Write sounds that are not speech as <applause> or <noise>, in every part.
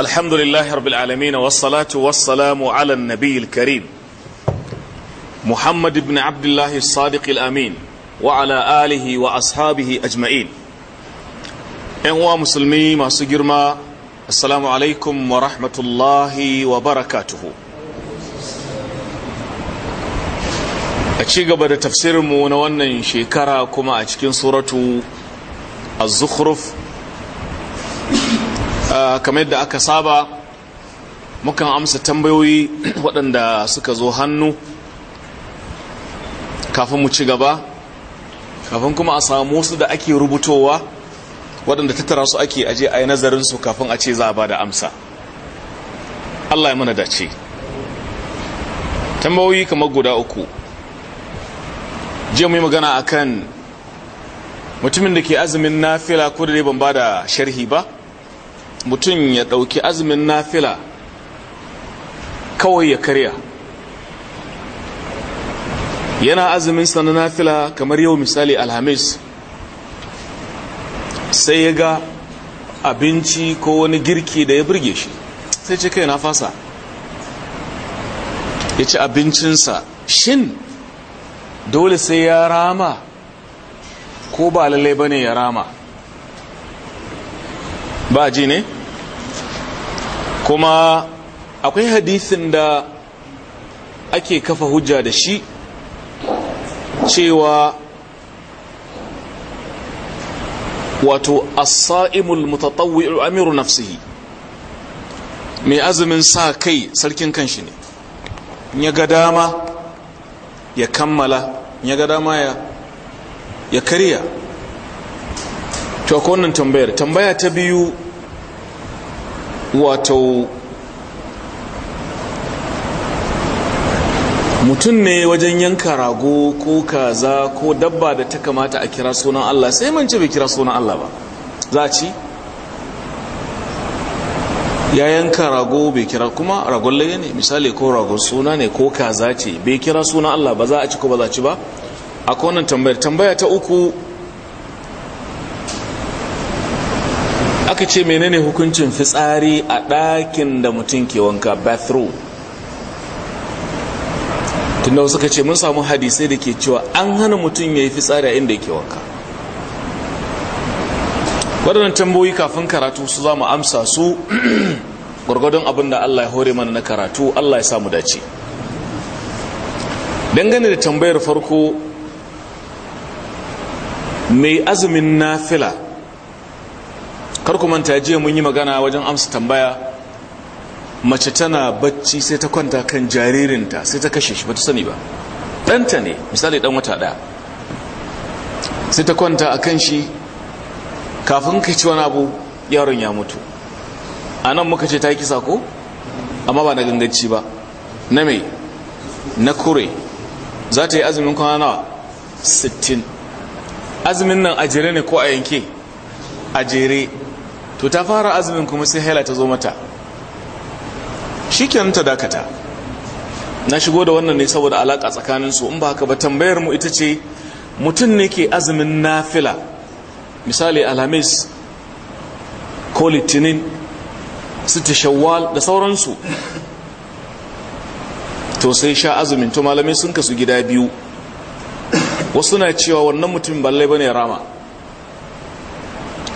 الحمد لله رب العالمين والصلاة والسلام على النبي الكريم محمد بن عبد الله الصادق الأمين وعلى آله وأصحابه أجمعين أنواع مسلمي ما سجرما السلام عليكم ورحمة الله وبركاته أشيق بدأ تفسير مونوانا شكرا كما أشكين سورة الزخرف Ah, kamar yadda aka saba mukan amsa tambayoyi waɗanda suka zo hannu kafin mu ci gaba kafin kuma a samu su da ake rubutowa waɗanda ta tara su ake aje a yi nazarin su kafin a ce za a ba da amsa allah ya mana dace tambayoyi kamar guda uku jiya mu yi magana akan mutumin da ke azumin na fila ko da ban ba da sharhi ba mutum ya ɗauki azumin fila kawai ya karya yana azumin na nafila kamar yau misali alhamis sai ya ga abinci ko wani girki da ya birge shi sai ce kai na fasa ya ci abincinsa shin dole sai ya rama ko ba lalai bane ya rama ba ji ne kuma akwai hadisin da ake kafa hujja da shi cewa wato asa'imul saimul amiru nafsihi mai azumin sa kai sarkin kanshi ne ya ga dama ya kammala ya ga dama ya ya kariya to tambayar tambaya ta biyu wato mutum ne wajen yanka rago ko kaza ko dabba da ta kamata a kira sunan Allah sai mance bai kira sunan Allah ba za ci ya yanka rago bai kira kuma ragon laye ne misali ko ragon suna ne ko kaza ce bai kira sunan Allah ba za a ci ko ba za ci ba akwai wannan tambayar tambaya ta uku aka ce menene hukuncin fitsari a ɗakin da mutum ke wanka bathroom tunda suka ce mun samu hadisai da ke cewa an hana mutum ya yi fitsari a inda ke wanka waɗannan tambayoyi kafin karatu su za mu amsa su <clears throat> gwargwadon abin da Allah ya hore mana na karatu Allah ya samu dace dangane da tambayar farko mai azumin nafila kar ku manta jiya mun yi magana wajen amsa tambaya mace tana bacci sai ta kwanta kan jaririnta sai ta kashe shi ba ta sani ba ɗanta ne misali ɗan wata ɗaya sai ta kwanta a kan shi kafin ka ci wani abu yaron ya mutu a nan muka ce ta yi kisa ko amma ba na ganganci ba na mai na kure za ta yi azumin kwana nawa 60 azumin nan a jere ne ko a yanke a jere to ta fara azumin kuma sai haila ta zo mata shikenan ta dakata na shigo da wannan ne saboda alaka tsakanin su in ba haka ba tambayar mu ita ce mutum ne ke azumin nafila misali alhamis ko litinin su shawwal da sauransu to sai sha azumin to malamai sun kasu gida biyu wasu na cewa wannan mutum ballai ne rama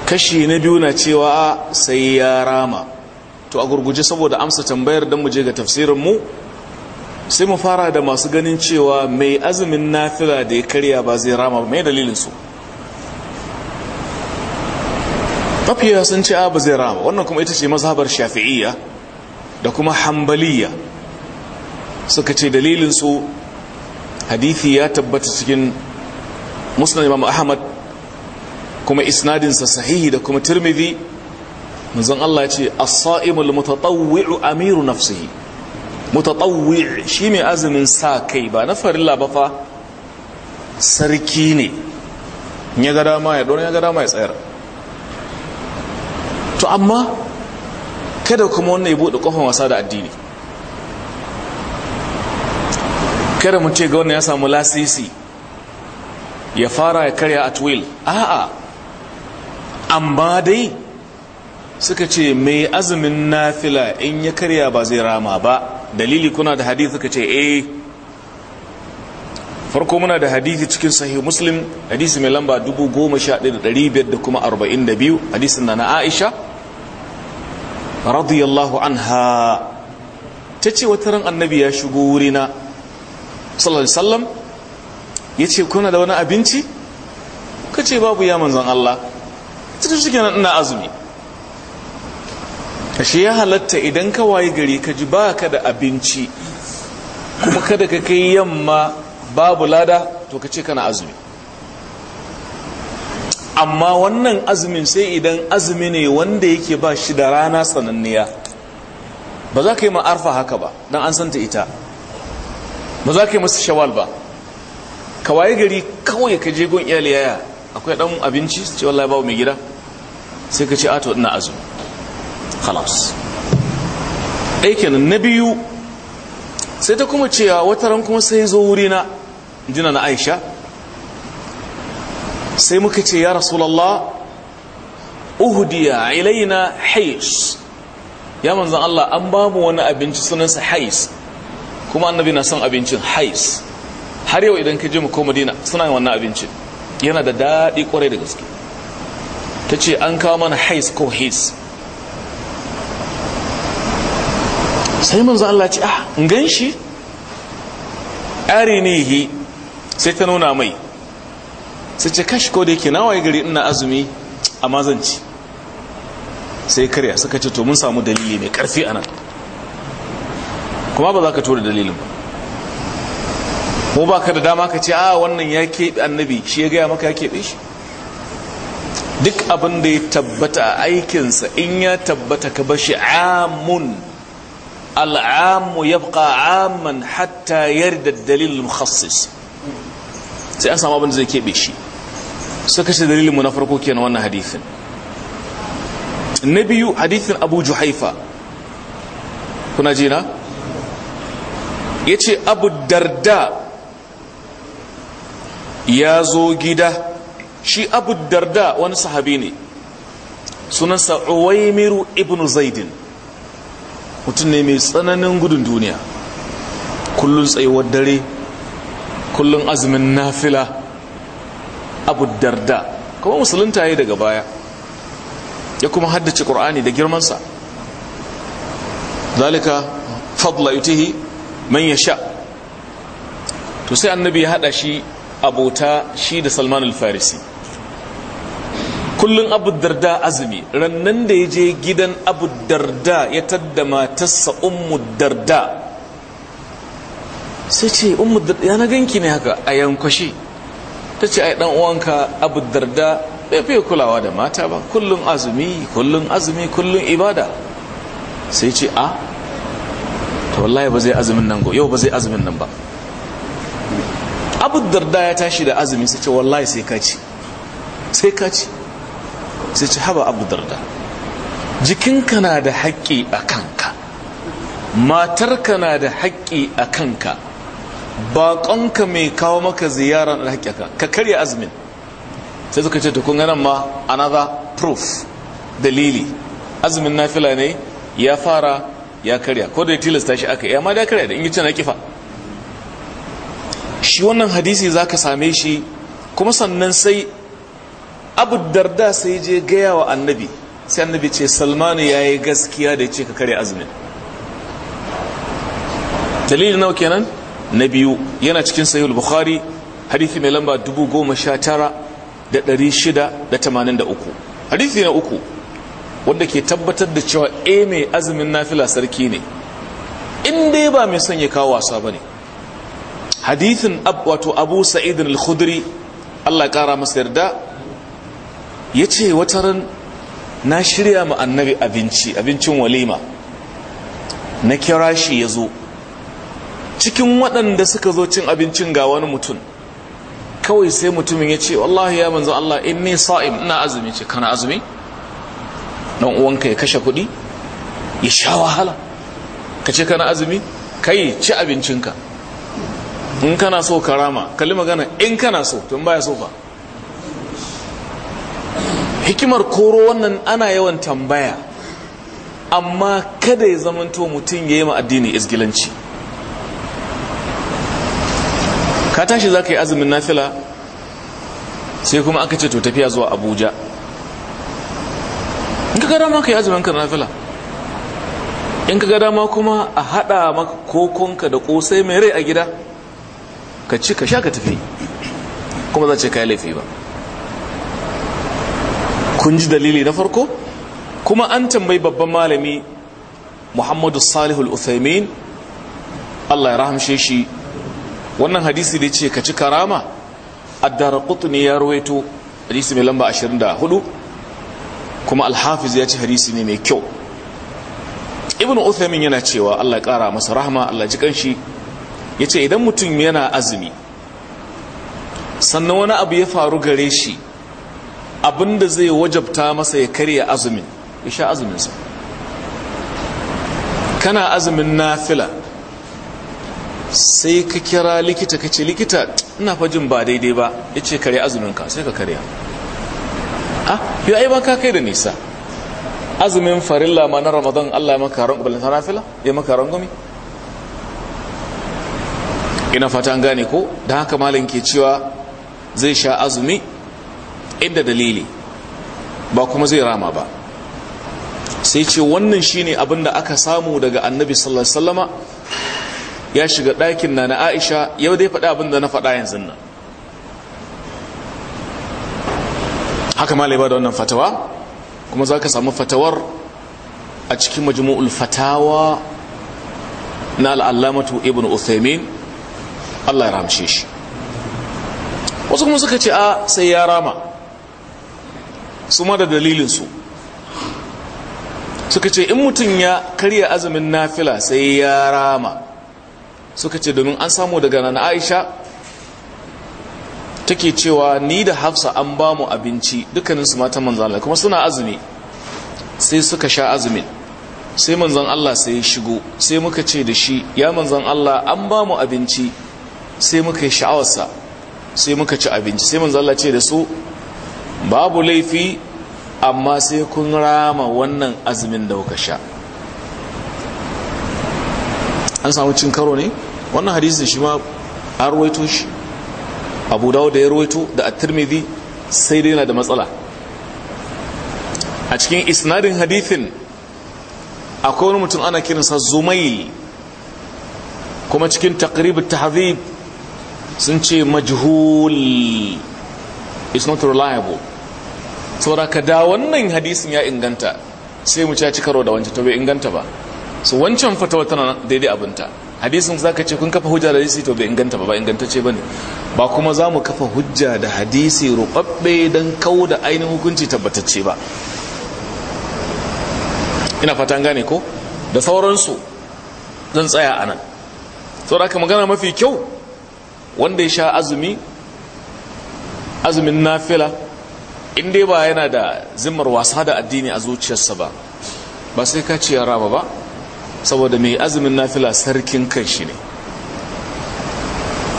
kashi na biyu na cewa sai ya rama to a gurguje saboda amsa tambayar don mu je ga tafsirin mu sai mu fara da masu ganin cewa mai azumin nafila da ya karya ba zai rama ba mai dalilin su mafiya sun ce a ba zai rama wannan kuma ita ce mazhabar shafi'iyya da kuma hambaliya suka ce dalilin su hadithi ya tabbata cikin musulman imam ahmad kuma isnadinsa sahihi da kuma tirmidhi manzon Allah ya ce as-sa'imul mutatawwi'u amiru nafsihi mutatawwi' shi mai azumin sa kai ba na farilla ba fa sarki ne ya ga dama ya don ya ga dama ya tsayar to amma kada kuma wannan ya bude kofar wasa da addini kada mu ce ga wannan ya samu lasisi ya fara ya karya at will a'a amma dai suka ce mai azumin nafila in ya karya ba zai rama ba dalili kuna da hadith suka ce eh farko muna da hadithi cikin sahih muslim hadisi mai lamba 11500 da kuma na na aisha radiyallahu anha ta ce wata ran annabi ya shigo wurina sallallahu alaihi wasallam ya ce kuna da wani abinci ka ce babu ya manzon Allah cikin shi kenan ina azumi shi ya halatta idan ka waye gari ka ji baka da abinci kuma kada ka kai yamma babu lada to ka ce kana azumi amma wannan azumin sai idan azumi ne wanda yake ba shi da rana sananniya ba za ka yi ma'arfa haka ba don an santa ita ba za ka yi masu shawal ba ka waye gari kawai ka je gun iyali yaya akwai dan abinci su ce wallahi babu mai gida sai ka ce ato ina azumi khalas aikin na biyu sai ta kuma cewa wata ran kuma sai zo wurina jina na aisha sai muka ce ya rasulallah uhudiya ilaina hais ya manzan Allah an babu wani abinci sunansa hais kuma annabi na son abincin hais har yau idan ka je mu ko madina suna wannan abincin yana da daɗi kwarai da gaske ta ce an kawo mana haiz ko haiz sai manzo Allah ce ah in gan shi arinihi sai ta nuna mai sai ce kashi ko da yake waye gari ina azumi a mazanci sai karya suka ce to mun samu dalili mai karfi a nan kuma ba za ka tura dalilin ba mu ba ka da dama ka ce a ah, wannan ya keɓe annabi shi ya gaya maka ya keɓe shi duk abin da ya tabbata a aikinsa in ya tabbata ka bashi amun al'amu ya fuka aman hatta yarda dalilin mukhassis sai an samu abin da zai keɓe shi suka ce dalilinmu na farko kena wannan hadithin na biyu hadithin abu juhaifa kuna jina na ya ce abu darda ya zo gida shi abu darda wani sahabi ne sunansa uwaimiru ibn zaidin mutum ne mai tsananin gudun duniya kullum tsayuwar dare kullum azumin nafila abu darda kuma musulunta ya daga baya ya kuma haddace ƙur'ani da girmansa zalika fadla yutihi man yasha to sai annabi ya hada shi abota shi da salman al-farisi kullun abu darda azumi rannan da ya je gidan abu darda ya tadda matarsa ummu darda sai ce ummu darda ya na ganki ne haka a yankwashi ta ce ai dan uwanka abu darda bai fiye kulawa da mata ba kullun azumi kullun azumi kullun ibada sai ce a ah, to wallahi ba zai azumin nan go yau ba zai azumin nan ba abu darda ya tashi da azumi sai ce wallahi sai ka ci sai ka ci sai ci haba abu darda jikinka na da haƙƙi a kanka matarka na da haƙƙi a kanka baƙonka mai kawo maka ziyara na haƙƙi a kanka ka karya azumin sai suka ce tukun ganin ma another proof dalili azumin fila ne ya fara ya karya ko da ya tilasta shi aka yi ma da karya da in na kifa shi wannan hadisi za ka same shi kuma sannan sai abu darda sai je gaya wa annabi sai annabi ce salmanu ya yi gaskiya da ce ka kare azumin dalilin nau kenan na biyu yana cikin sayul bukhari hadithi mai lamba uku hadithi na uku wanda ke tabbatar da cewa a eh, mai azumin nafila sarki ne inda ya ba mai son ya kawo wasa ba ne hadithin wato abu sa'idin al-khudri allah kara masa yarda ya ce wata ran na shirya ma annabi abinci abincin walima na kira shi ya zo cikin waɗanda suka zo cin abincin ga wani mutum kawai sai mutumin ya ce wallahi ya manzo Allah inni sa'im ina azumi ce kana azumi dan uwanka ya kashe kuɗi ya sha wahala ka ce kana azumi kai ci abincinka in kana so karama kalli magana in kana so tun baya so fa hikimar koro wannan ana yawan tambaya amma kada ya zamanto mutum ya yi addini izgilanci ka tashi za ka yi azumin nafila sai kuma aka ce to tafiya zuwa abuja in ka gada ma ka yi azumin ka nafila in ka gada ma kuma a hada maka kokonka da kosai mai rai a gida ka ci ka sha ka tafi kuma za ce ka yi laifi ba kun ji dalili na farko kuma an tambayi babban malami muhammadu salihul uthaymin allah ya rahamshe shi wannan hadisi da ce ka ci karama addara ne ya rawaito hadisi mai lamba 24 kuma alhafiz ya ci hadisi ne mai kyau ibn uthaymin yana cewa allah ya kara masa rahama allah ji kanshi ya ce idan mutum yana azumi sannan wani abu ya faru gare shi abinda zai wajabta masa ya karya azumin ya sha azuminsa kana azumin nafila sai ka kira likita ka ce likita ina fajin ba daidai ba ya ce karya azuminka sai ka karya A ah, biyu aiban ka kai da nisa azumin farilla ma na ramadan allah ya maka na nafila ya maka rangwami ina fata gane ko da haka malin ke cewa zai sha azumi inda dalili ba kuma zai rama ba sai ce wannan shine abin da aka samu daga annabi sallallahu alaihi wasallama ya shiga ɗakin na na aisha yau dai faɗi abin da na faɗa yanzu nan haka malai ba da wannan fatawa kuma za ka samu fatawar a cikin majmu'ul fatawa na al'allamatu ibn uthaymin Allah ya ramshe shi wasu kuma suka ce a sai ya rama su ma da dalilinsu suka ce in mutum ya karya azumin nafila sai ya rama suka ce domin an samu daga nan aisha take cewa ni da hafsa an ba mu abinci dukkaninsu mata manzan Allah kuma suna azumi sai suka sha azumin sai manzan Allah sai shigo sai muka ce da shi ya manzan Allah an ba mu abinci sai muka yi sha'awarsa sai muka ci abinci sai manzan Allah ce da su babu laifi amma sai kun rama wannan azumin da kuka sha an samu cin karo ne wannan hadisin shi ma an ruwaito shi abu dawo da ya ruwaito da at-tirmidhi sai dai yana da matsala a cikin isnadin hadithin akwai wani mutum ana kiransa zumail kuma cikin taqrib at-tahdhib sun ce majhul is not reliable ka da wannan hadisin ya inganta sai mu ci karo da wancan to bai inganta ba so wancan fatawa tana daidai abinta hadisin zaka ce kun kafa hujja da hadisi to bai inganta ba ba ingantacce bane ba kuma za mu kafa hujja da hadisi rubabbe dan kawo da ainihin hukunci tabbatacce ba ina fatan gane ko da sauransu zan tsaya anan ka magana mafi kyau wanda ya sha azumi azumin nafila in dai ba yana da zimmar wasa da addini a zuciyarsa ba ba sai ka ce rama ba saboda mai azumin nafila sarkin kan shi ne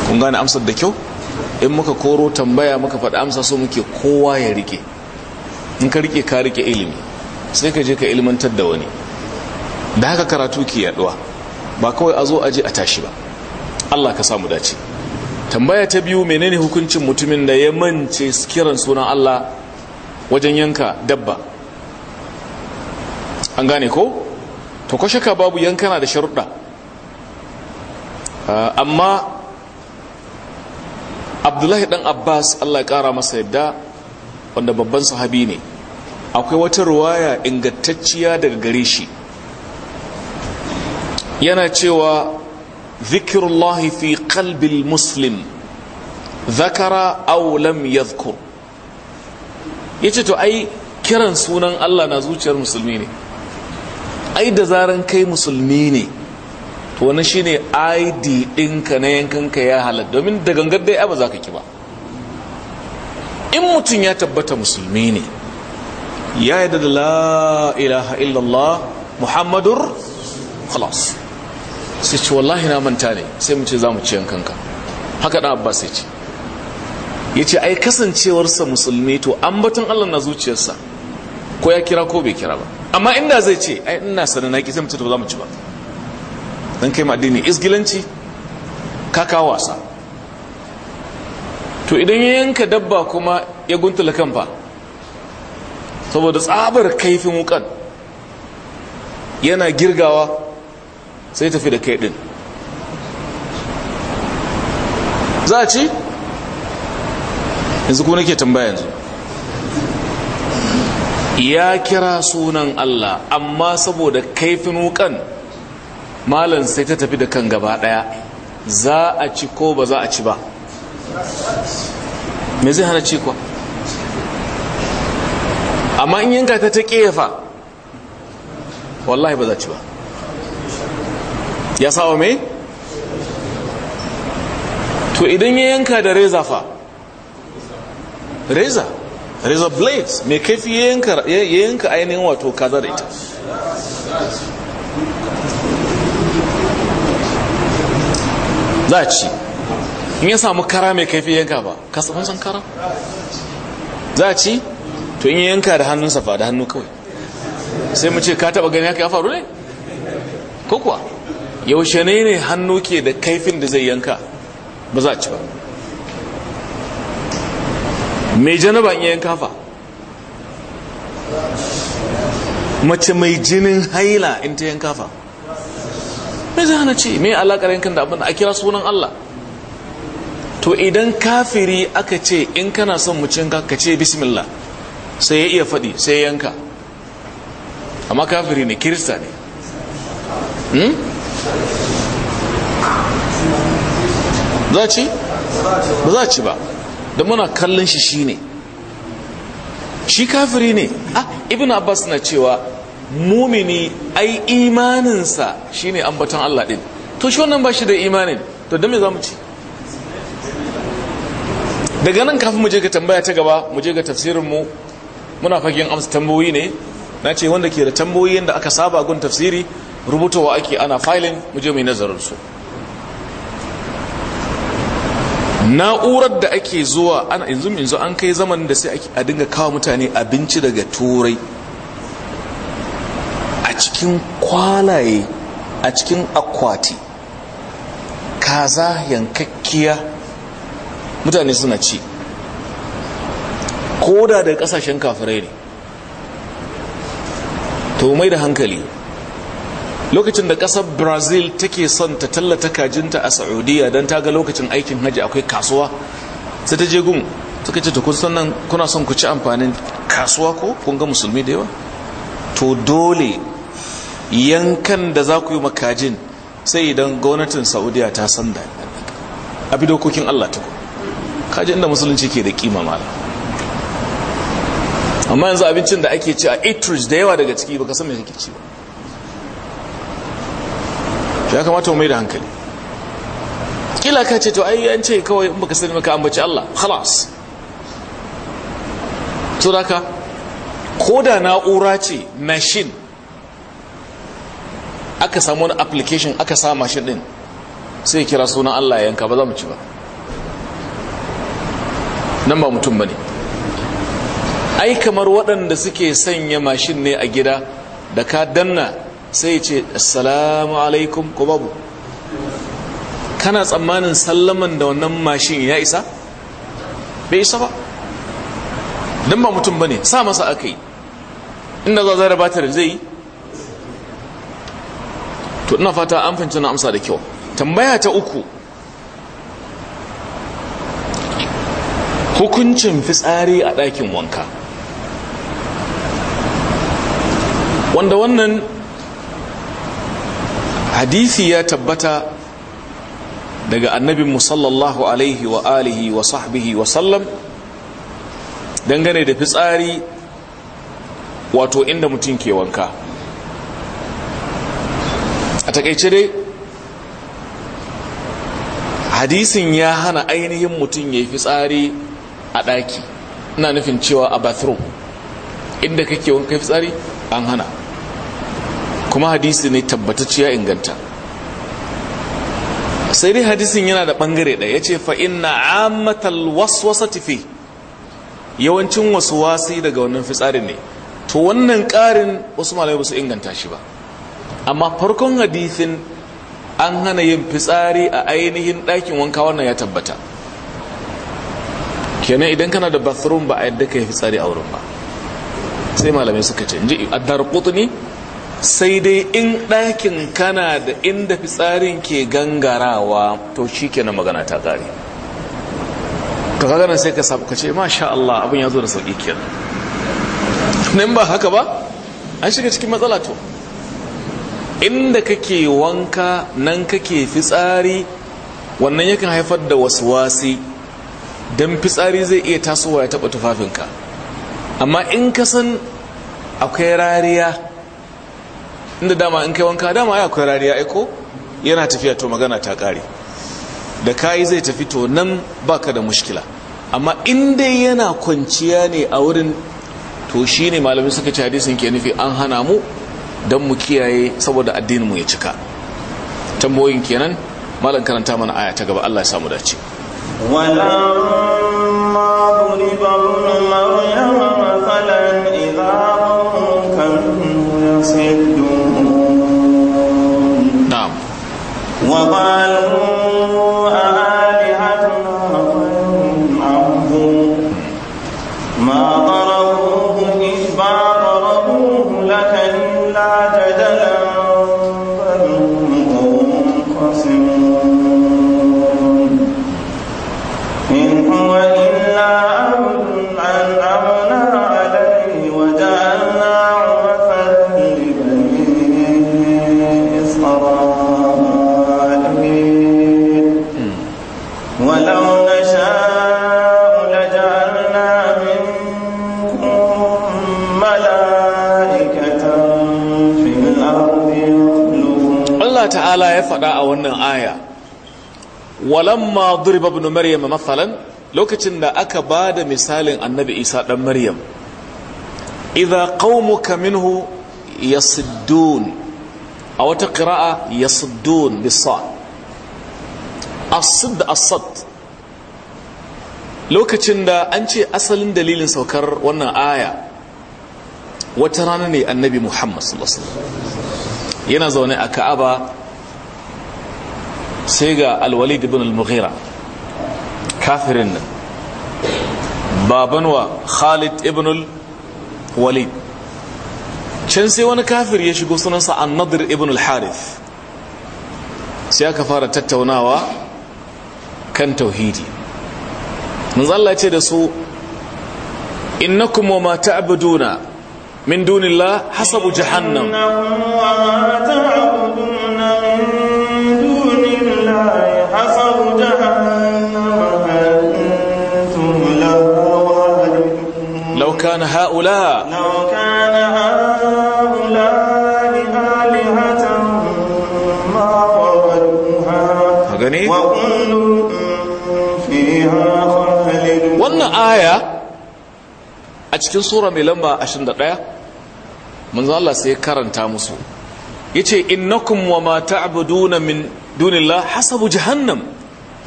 kun gane amsar da kyau in muka koro tambaya muka faɗi amsa so muke kowa ya rike in ka rike ka rike ilimi sai ka je ka ilmantar da wani da haka karatu ke yaduwa ba kawai a zo aje a tashi ba Allah ka samu dace tambaya ta biyu menene hukuncin mutumin da ya mance kiran sunan Allah wajen yanka dabba an gane ko to ko shaka babu yankana da sharuɗa ah, amma abdullahi dan abbas allah ya kara masa yadda wanda babban sahabi ne akwai wata ruwaya ingantacciya daga gare shi yana cewa zikirullahi fi kalbil muslim zakara au lam yadhkur ya ce to ai kiran sunan Allah na zuciyar musulmi ne ai da zaran kai musulmi ne to wani shi ne id ɗinka na yankanka ya halar domin da gangar dai ba za ka ki ba in mutum ya tabbata musulmi ne ya yi da la ilaha illallah muhammadur khalas sai ce wallahi na manta ne sai mu ce za mu ci yankanka haka ɗan abbas sai ce ya ce ai kasancewarsa musulmi to an batun Allah na zuciyarsa ko ya kira ko bai kira ba amma inda zai ce ai ina sanin na kisan mutum za mu ci ba dan kai addini isgilanci kaka wasa to idan ya yanka dabba kuma ya guntula kan fa saboda tsabar kaifin wukan yana girgawa sai tafi da kai din za a ci yanzu ku nake tambaya yanzu ya kira sunan Allah amma saboda kaifin wukan malam sai ta tafi da kan gaba daya za a ci ko ba za a ci ba me zai hana ci kuwa amma in yanka ta ta kefa wallahi ba za ci ba ya sawa mai to idan ya yanka da reza fa reza reza blades mai kaifi ya yanka ainihin wato kaza da ita za a ci in ya samu kara mai kaifi yanka ba kasafin san kara za a ci to in yanka da hannun safa da hannu kawai sai mu ce ka taba gani haka ya faru ne ko kuwa yaushe ne ne hannu ke da kaifin da zai yanka ba za a ci ba mai janaba in yayin kafa mace mai jinin haila in ta yanka fa me zai hana ce me alakar yankin da abin da a kira sunan Allah to idan kafiri aka ce in kana son mu cinka ka ce bismillah sai ya iya faɗi sai yanka amma kafiri ne kirista ne hmm? za ci ba za ci ba da muna kallon shi shine shi kafiri ne a ah, ibn abbas na cewa mumini ai imaninsa shine ambaton Allah din to shi wannan ba shi da imanin to don me za mu ci daga nan kafin mu je ga tambaya ta gaba mu je ga tafsirin mu muna fagen amsa tambayoyi ne na ce wanda ke da tambayoyin da aka saba gun tafsiri rubutowa ake ana filin mu je mai nazarin su na'urar da ake zuwa ana yanzu yanzu an kai zaman da sai a dinga kawo mutane abinci daga turai a cikin kwalaye a cikin akwati kaza yankakkiya mutane suna ci koda da kasashen kafirai ne to mai da hankali lokacin da kasar brazil take son ta tallata kajinta a saudiya don ta ga lokacin aikin hajji akwai kasuwa sai ta je gun suka ce kun san kuna son ku ci amfanin kasuwa ko kun ga musulmi da yawa to dole yankan da za ku yi makajin sai idan gwamnatin saudiya ta san da a bi dokokin allah ta kaji inda musulunci ke da kima mala amma yanzu abincin da ake ci a itrus da yawa daga ciki baka san me kake ci ba ya kamata mu mai da hankali kila ka ce to ai an ce kawai in baka sani maka ambaci Allah khalas to daka koda na'ura ce machine aka samu wani application aka sa machine din sai kira sunan Allah yanka ba za mu ci ba nan ba mutum bane ai kamar waɗanda suke sanya machine ne a gida da ka danna sai ce assalamu alaikum ko babu kana tsammanin sallaman da wannan mashin ya isa bai isa ba don ba mutum ba ne sa masa aka yi inda za zara ba ta zai yi to ina fata an fahimci na amsa da kyau tambaya ta uku hukuncin fitsari a ɗakin wanka wanda wannan hadisi ya tabbata daga annabin musallallahu alaihi wa alihi wa sahbihi wa sallam dangane da fitsari wato inda mutum ke wanka a takaice dai hadisin ya hana ainihin mutum ya yi fitsari a ɗaki ina nufin cewa a bathroom inda kake wanka fitsari an hana kuma hadisi ne tabbatacce inganta sai dai hadisin yana da bangare ɗaya ya ce fa'ina wasu waswasa tafi yawancin wasu wasi daga wannan fitsarin ne to wannan ƙarin wasu malamai ba su inganta shi ba amma farkon hadisin an hana yin fitsari a ainihin ɗakin wanka wannan ya tabbata kenan idan kana da bathroom ba a yadda ka yi fitsari a wurin ba sai malamai suka ce ji a ne sai dai in ɗakin kana da inda fitsarin ke gangarawa to shi ke na magana ta ƙari ta ƙaganan sai ka sabuka ka ce masha Allah abin ya zo da sauƙi ke nan ba haka ba an shiga cikin matsala to inda kake wanka nan kake fitsari wannan yakan haifar da wasu wasi don fitsari zai iya tasowa ya taɓa tufafinka amma in ka san akwai rariya inda dama in kai wanka dama ya akwai rariya aiko yana tafiya to magana ta kare da kayi zai tafi to nan baka da mushkila amma in dai yana kwanciya ne a wurin to ne malamin suka ci hadisin ke nufi an hana mu don mu kiyaye saboda addinin mu ya cika tambayoyin kenan malam karanta mana aya ta gaba Allah ya samu dace walamma duriba ibn maryam wannan aya walamma duriba ibn maryam mathalan lokacin da aka bada misalin annabi isa dan maryam idza qaumuka minhu yasuddun a wata qira'a yasuddun bisa as-sadd lokacin da an ce asalin dalilin saukar wannan aya wata rana ne annabi muhammad sallallahu alaihi wasallam yana zaune a ka'aba sai ga walid ibn al-mughira kafirin baban wa khalid ibn al-walid can sai wani kafir ya shigo sunansa an-nadir ibn al-harith sai aka fara tattaunawa kan tauhidi ya ce da su innakum wa ma ta'buduna min dunillah hasabu jahannam هؤلاء لو كان wannan aya a cikin sura mai lamba 21 manzo Allah sai karanta musu yace innakum wama ta'buduna min dunillah hasabu jahannam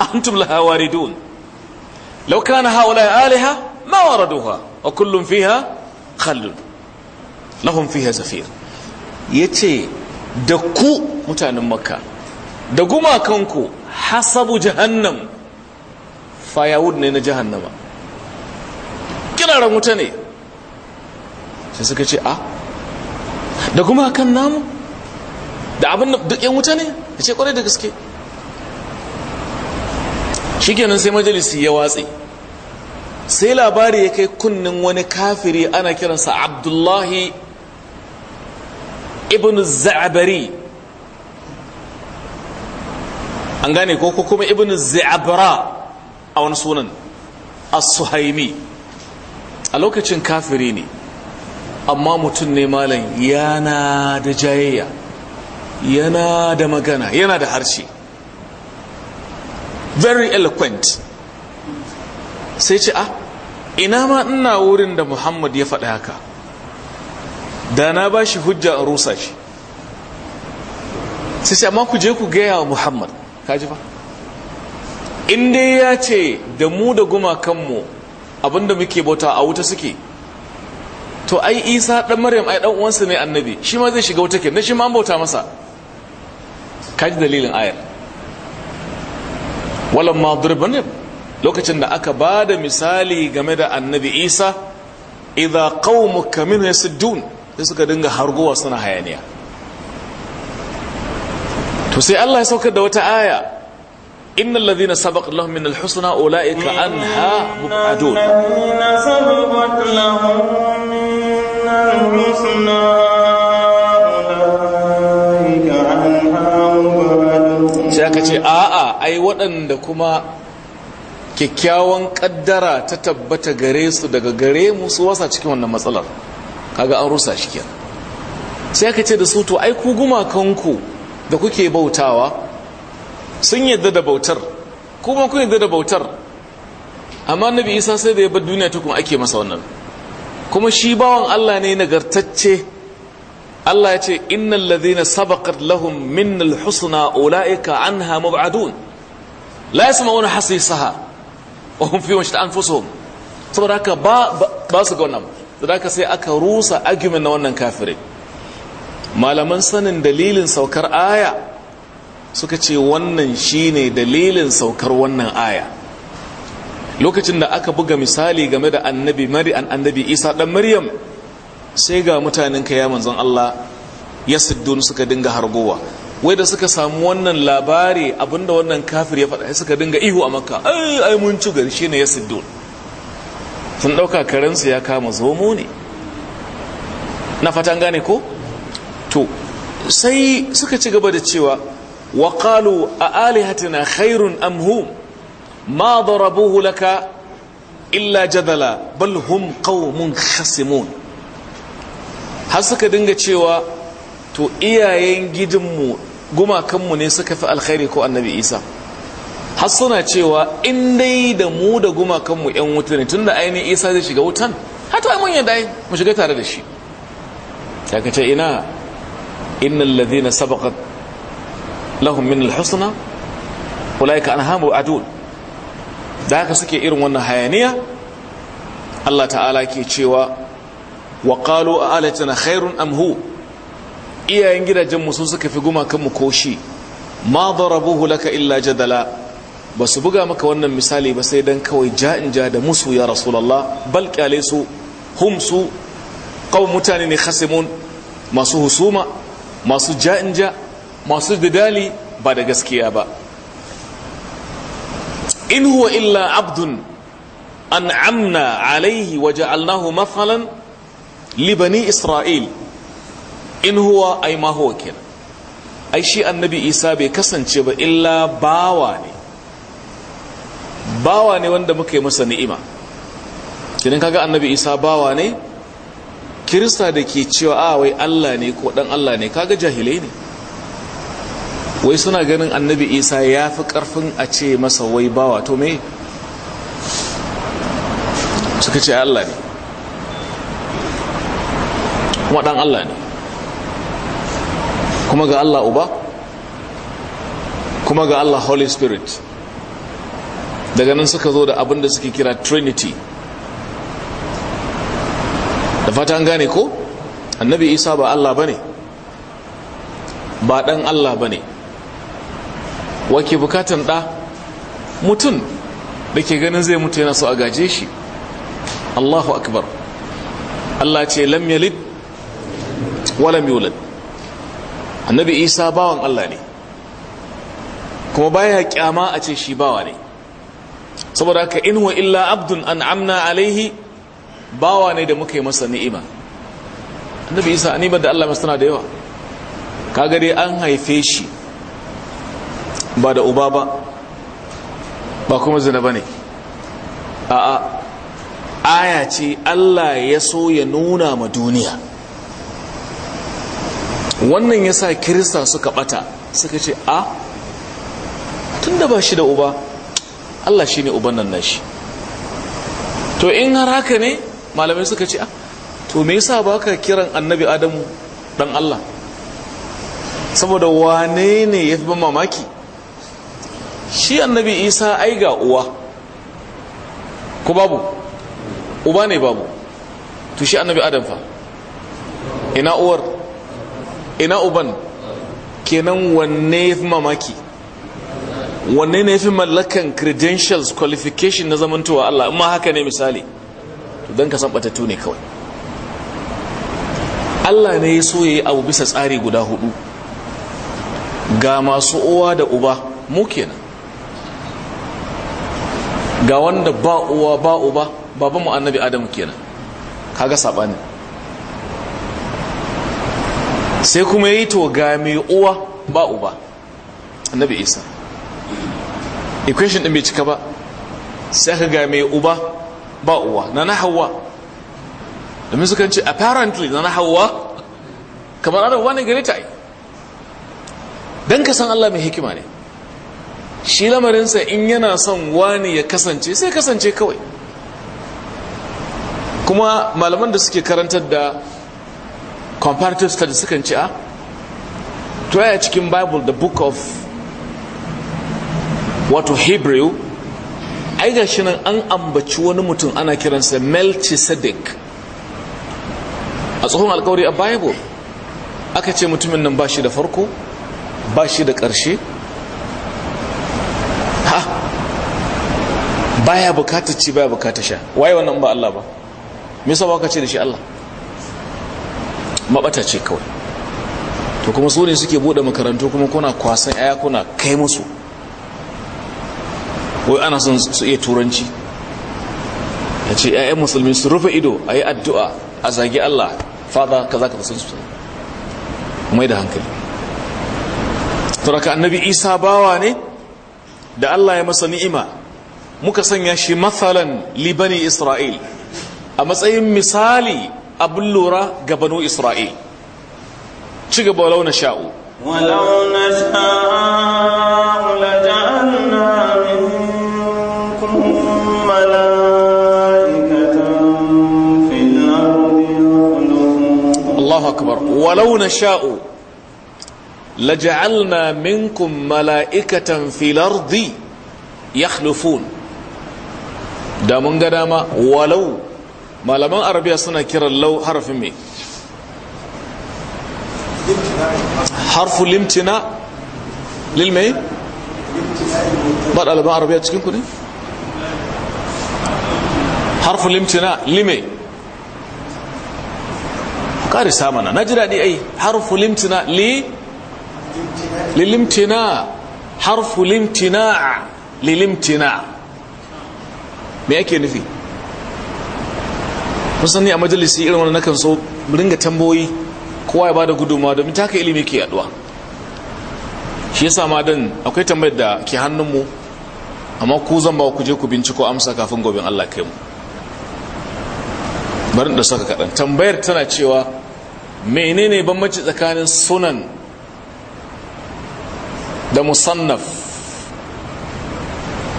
antum laha waridun law kana haula alaha ما وردوها وكل فيها خلد لهم فيها زفير yace da ku mutanen makka da gumakanku hasabu jahannam firewood ne na jahannama kiraran wuta ne sai suka ce a da gumakan namu da abin da duk yan wuta ne ya ce kwarai da gaske shi kenan sai majalisi ya watsi sai labari ya kai kunnin wani kafiri ana kiransa abdullahi ibn za'abari an gane ko kuma ibn za'abara a wani sunan as-suhaimi a lokacin kafiri ne amma mutum ne malam yana da jayayya yana da magana yana da harshe very eloquent sai ce ah ina ma ina wurin da muhammad ya faɗi haka da na ba shi hujja a rusa shi sai sai amma ku je ku gaya wa muhammad ji ba in dai ya ce da mu da gumakanmu abinda muke bauta a wuta suke to ai isa ɗan maryam ai ɗan uwansa ne annabi shi ma zai shiga wuta na shi ma an bauta masa kaji dalilin ayar walamma durbanin lokacin da aka ba da misali game da annabi isa idha qaumuka min dun sai suka dinga hargowa suna hayaniya to sai Allah ya saukar da wata aya innal ladhina sabaqa lahum min alhusna ulaika anha mubadun ladhina sai aka ce a'a ai waɗanda kuma kyakkyawan kaddara ta tabbata gare su daga gare mu su wasa cikin wannan matsalar kaga an rusa shi kenan sai aka ce da su to ai ku gumakanku da kuke bautawa sun yadda da bautar kuma kun yadda da bautar amma nabi isa sai da ya bar duniya tukun ake masa wannan kuma shi bawan Allah ne nagartacce Allah ya ce innal ladhina sabaqat lahum minnal husna ulaika anha mub'adun la yasma'una hasisaha wahum fi an anfusuhum saboda haka ba su ga wannan saboda haka sai aka rusa argument na wannan kafirai malaman sanin dalilin saukar aya suka ce wannan shine dalilin saukar wannan aya lokacin da aka buga misali game da annabi mari an annabi isa dan maryam sai ga mutanen ka zan manzon Allah ya suka dinga hargowa wai da suka samu wannan labari abinda wannan kafir ya faɗa suka dinga ihu a makka ai ai mun ci gari shine ya siddon sun ɗauka karensu ya kama zomo ne na fatan gane ko to sai suka ci gaba da cewa wa qalu a alihatina khairun am hum ma darabuhu laka illa jadala bal hum qaumun khasimun har suka dinga cewa to iyayen gidanmu gumakanmu ne suka fi alkhairi ko annabi isa har suna cewa in dai da mu da gumakanmu yan wuta ne tun da ainihin isa zai shiga wutan hata mun yadda yi mu shiga tare da shi ta kace ina innal ladhina sabaqat lahum min alhusna ulaika anhamu adul da haka suke irin wannan hayaniya Allah ta'ala ke cewa wa qalu a alatina khairun am iyayen gidajen mu su suka fi gumakan mu koshi ma darabuhu laka illa jadala ba su buga maka wannan misali ba sai dan kawai ja'in ja da musu ya rasulullah bal kyale su hum su qawm mutane ne khasimun masu husuma masu ja'in ja masu didali ba da gaskiya ba in huwa illa abdun an'amna alaihi wa ja'alnahu mafalan li bani isra'il in huwa ai ma huwa kenan ai shi annabi isa bai kasance ba illa bawa ne bawa ne wanda muka yi masa ni'ima kinin kaga annabi isa bawa ne kirista da ke cewa a ah, wai allah ne ko dan allah ne kaga jahilai ne wai suna ganin annabi isa ya fi karfin a ce masa wai bawa to me suka ce allah ne kuma dan allah ne kuma ga Allah uba kuma ga Allah Holy Spirit daga nan suka zo da abin da suke kira Trinity da fata an gane ko annabi Isa ba Allah bane ba dan Allah bane wake bukatan da mutum da ke ganin zai mutu yana so a gaje shi Allahu akbar Allah ce lam yalid wa lam yulad annabi isa bawan allah ne kuma baya kyama a ce shi bawa ne saboda haka in wa illa abdun an amna alaihi bawa ne da muka yi masa ni'ima annabi isa ni'imar da allah masu tana da yawa kaga dai an haife shi ba da uba ba ba kuma zina ba ne a'a aya ce allah ya so ya nuna ma duniya wannan ya sa kirista suka bata suka ce a ah, tun da ba shi da uba allah shi ne uban nan nashi to in har haka ne malamai suka ce a ah, to me yasa ba ka kiran annabi adamu dan allah saboda wane ne ya fi ban mamaki shi annabi isa ai ga uwa ko babu uba ne babu to shi annabi adam fa ina uwar ina uban kenan wanne ya fi mamaki wanne ne ya fi mallakan credentials qualification na zamantowa Allah amma haka ne misali don ka san batattu ne kawai Allah ne ya so ya yi abu bisa tsari guda hudu ga masu uwa da uba mu kenan ga wanda ba uwa ba uba babanmu annabi adam kenan kaga sabani sai kuma yi to ga mai uwa ba uba annabi isa equation din bai cika ba sai ka ga mai uba ba uwa na na hawa domin kan ce apparently na na hawa kamar ana wani gari ta yi don ka san Allah mai hikima ne shi lamarinsa in yana son wani ya kasance sai kasance kawai kuma malaman da suke karantar da comparative study sukan ce a ah, turaya cikin bible the book of wato hebrew ai ga shi nan an ambaci wani mutum ana kiransa melchizedek a tsohon alkawari a bible aka ce mutumin nan ba shi da farko ba shi da ƙarshe ha baya bukata ci baya bukata sha waye wannan ba Allah ba me yasa ba ka ce da shi Allah mabata ce kawai to kuma su ne suke bude makarantu kuma kuna kwasan yaya kuna kai musu wai ana son su iya turanci ya ce yayan musulmi su rufe ido a yi addu'a a zagi allah fada ka za ka sun su mai da hankali turaka annabi isa bawa ne da allah ya masa ni'ima muka sanya shi matsalan libani isra'il a matsayin misali abin lura ga banu isra'il ci gaba walau na sha'u walau na sha'u la ja'alna minkum mala'ikatan fil ardi Allahu akbar walau na sha'u la ja'alna minkum mala'ikatan fil ardi yakhlufun da mun ga dama walau malaman arabiya suna kiran law harafin me harfu limtina lil ba malaman arabiya cikin ku ne harfu limtina lime kare samana na ji daɗi ai harfu limtina li lilimtina harfu limtina lilimtina me yake nufi kun sani a majalisi irin wani nakan so ringa tamboyi kowa ya bada gudunmawa domin ta haka ilimi ke yaduwa shi yasa ma dan akwai tambayar da ke hannunmu amma ku zan ba ku je ku binciko amsa kafin gobin Allah kai mu barin da saka kaɗan tambayar tana cewa menene bambanci tsakanin sunan da musannaf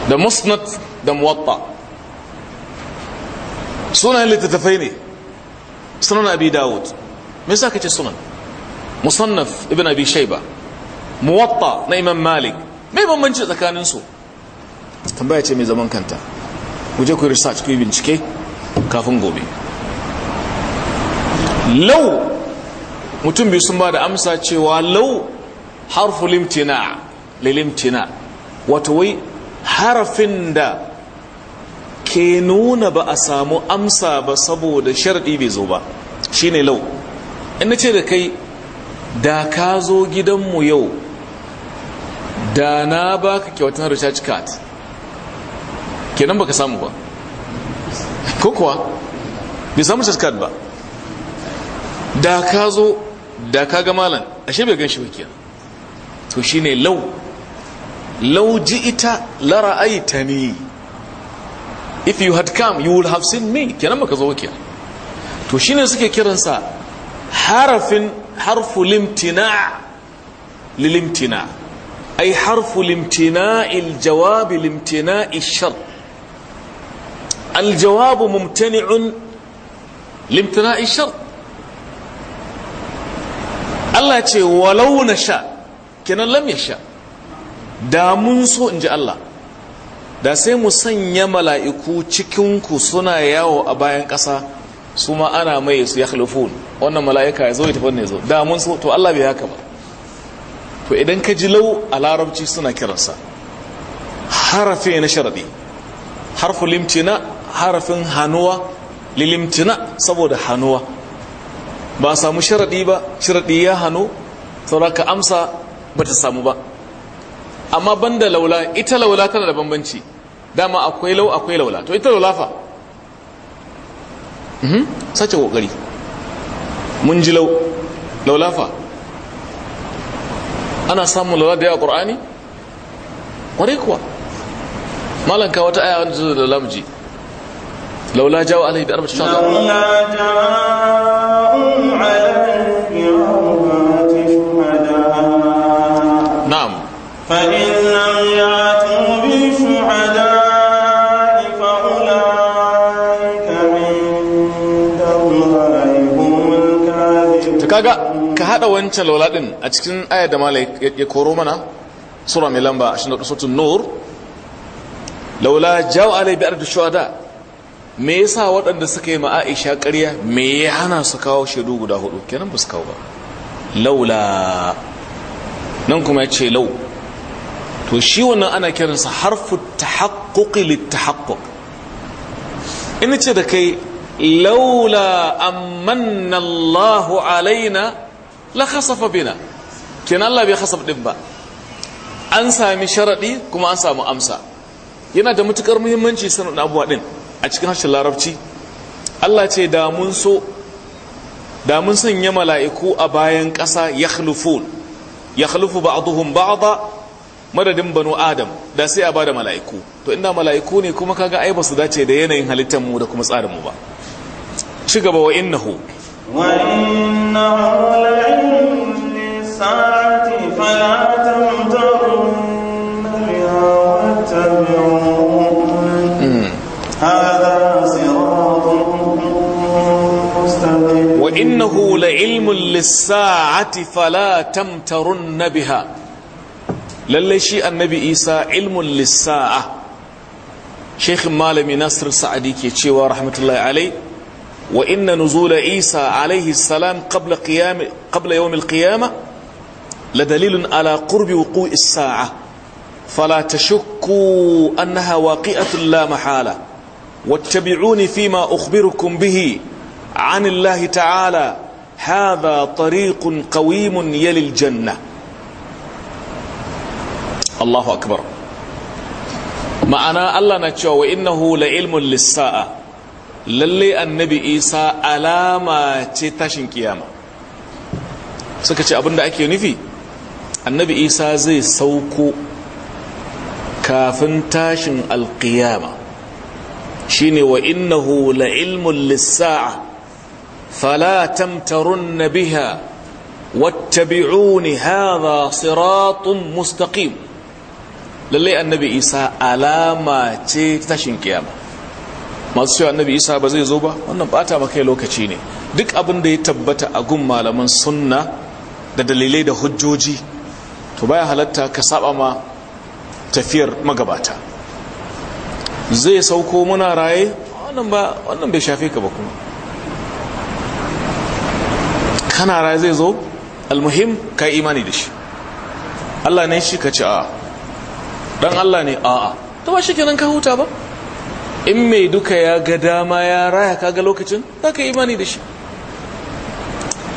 da musnat da muwatta sunan littattafai ne sunan abi dawud me yasa kace sunan musannaf ibn abi shayba muwatta na imam malik me bambanci tsakanin su tambaya ce mai zaman kanta ku je ku research ku bincike kafin gobe law mutum biyu sun ba da amsa cewa law harfu limtina lilimtina wato wai harafin da ke nuna ba a samu amsa ba saboda sharɗi bai zo ba Shi ne lau in ce da kai da ka zo gidanmu yau da na baka kyautar recharge card ba ka samu ba <laughs> ko kuwa bai samu recharge card ba da ka zo da ka ga malam ashe bai gan shi wakiya to shi ne lau lau ji ita lara'aita ne if you had come you would have seen me kenan baka zo kenan to shine suke kiransa harafin harfu limtina lilimtina ay harfu limtina aljawab limtina alshar الجواب ممتنع لامتناع الشر الله يقول ولو نشاء sha لم يشاء دامون سوء إن allah. da sai mu sanya mala'iku cikinku suna yawo a bayan ƙasa su ma ana mai su ya khalifun wannan mala'ika ya zo ya tafi ne zo da mun so to Allah bai haka ba to idan ka ji lau a larabci suna kiransa harafi na sharadi harfu limtina harafin hannuwa lilimtina saboda hannuwa ba samu sharadi ba sharadi ya hannu sauraka amsa ba ta samu ba amma banda laula ita laula tana da bambanci dama akwai lau akwai laula to ita laula fa mhm. sace kokari mun ji lau laula fa ana samun laula da yawa ƙur'ani ƙwarai kuwa malanka wata aya wanda zuwa da lamji laula jawo alaihi bi arba'in shahada laula ja'um ala hada wancan lauladin din a cikin ayar da malai ya koro mana sura mai lamba 24 suratul nur laula jaw alai bi da shuhada me yasa waɗanda suka yi ma Aisha karya me ya hana su kawo shaidu guda hudu kenan ba su kawo ba laula nan kuma ya ce lau to shi wannan ana kiransa harfu tahaqquqi litahaqquq in ce da kai laula amanna Allahu alaina la khasafa bina kenan Allah bai khasaf din ba an sami sharadi kuma an samu amsa yana da matukar muhimmanci sanin abuwa din a cikin harshen larabci Allah ce da mun so da mun sanya mala'iku a bayan ƙasa ya yakhlufu ba'dhum ba'dha madadin banu adam da sai a bada mala'iku to inda mala'iku ne kuma kaga ai ba su dace da yanayin halittar mu da kuma tsarin mu ba ci gaba wa innahu wa innahu وإنه لعلم للساعة فلا تمترن بها للشيء النبي إيسى علم للساعة شيخ مالمي نصر سعدي كيتشي ورحمة الله عليه وإن نزول إيسى عليه السلام قبل, قيام قبل يوم القيامة لدليل على قرب وقوع الساعة فلا تشكوا أنها واقعة لا محالة واتبعوني فيما أخبركم به عن الله تعالى هذا طريق قويم يلي الجنة الله أكبر معنا الله نتشوه وإنه لعلم للساعة للي النبي lissa'a ألا ما Isa alama سكتش أبن kiyama suka annabi isa zai sauko kafin tashin alkiyama shine wa innahu hula ilmun lissa'a fala tamtarun biha wattabi'uni haza siratun mustaqim lallai annabi isa alama ce tashin kiyama masu cewa annabi isa ba zai zo ba wannan bata makai lokaci ne duk abin da ya tabbata a gun malaman sunna da dalilai da hujjoji to baya halatta ka saba ma tafiyar magabata zai sauko muna raye wannan bai shafe ka ba kuma kana raye zai zo almuhim ka yi imani da shi Allah ne shi ka ci a dan Allah ne a a ta ba shi kenan ka huta ba in mai duka ya ga dama ya raya kaga lokacin za ka yi imani da shi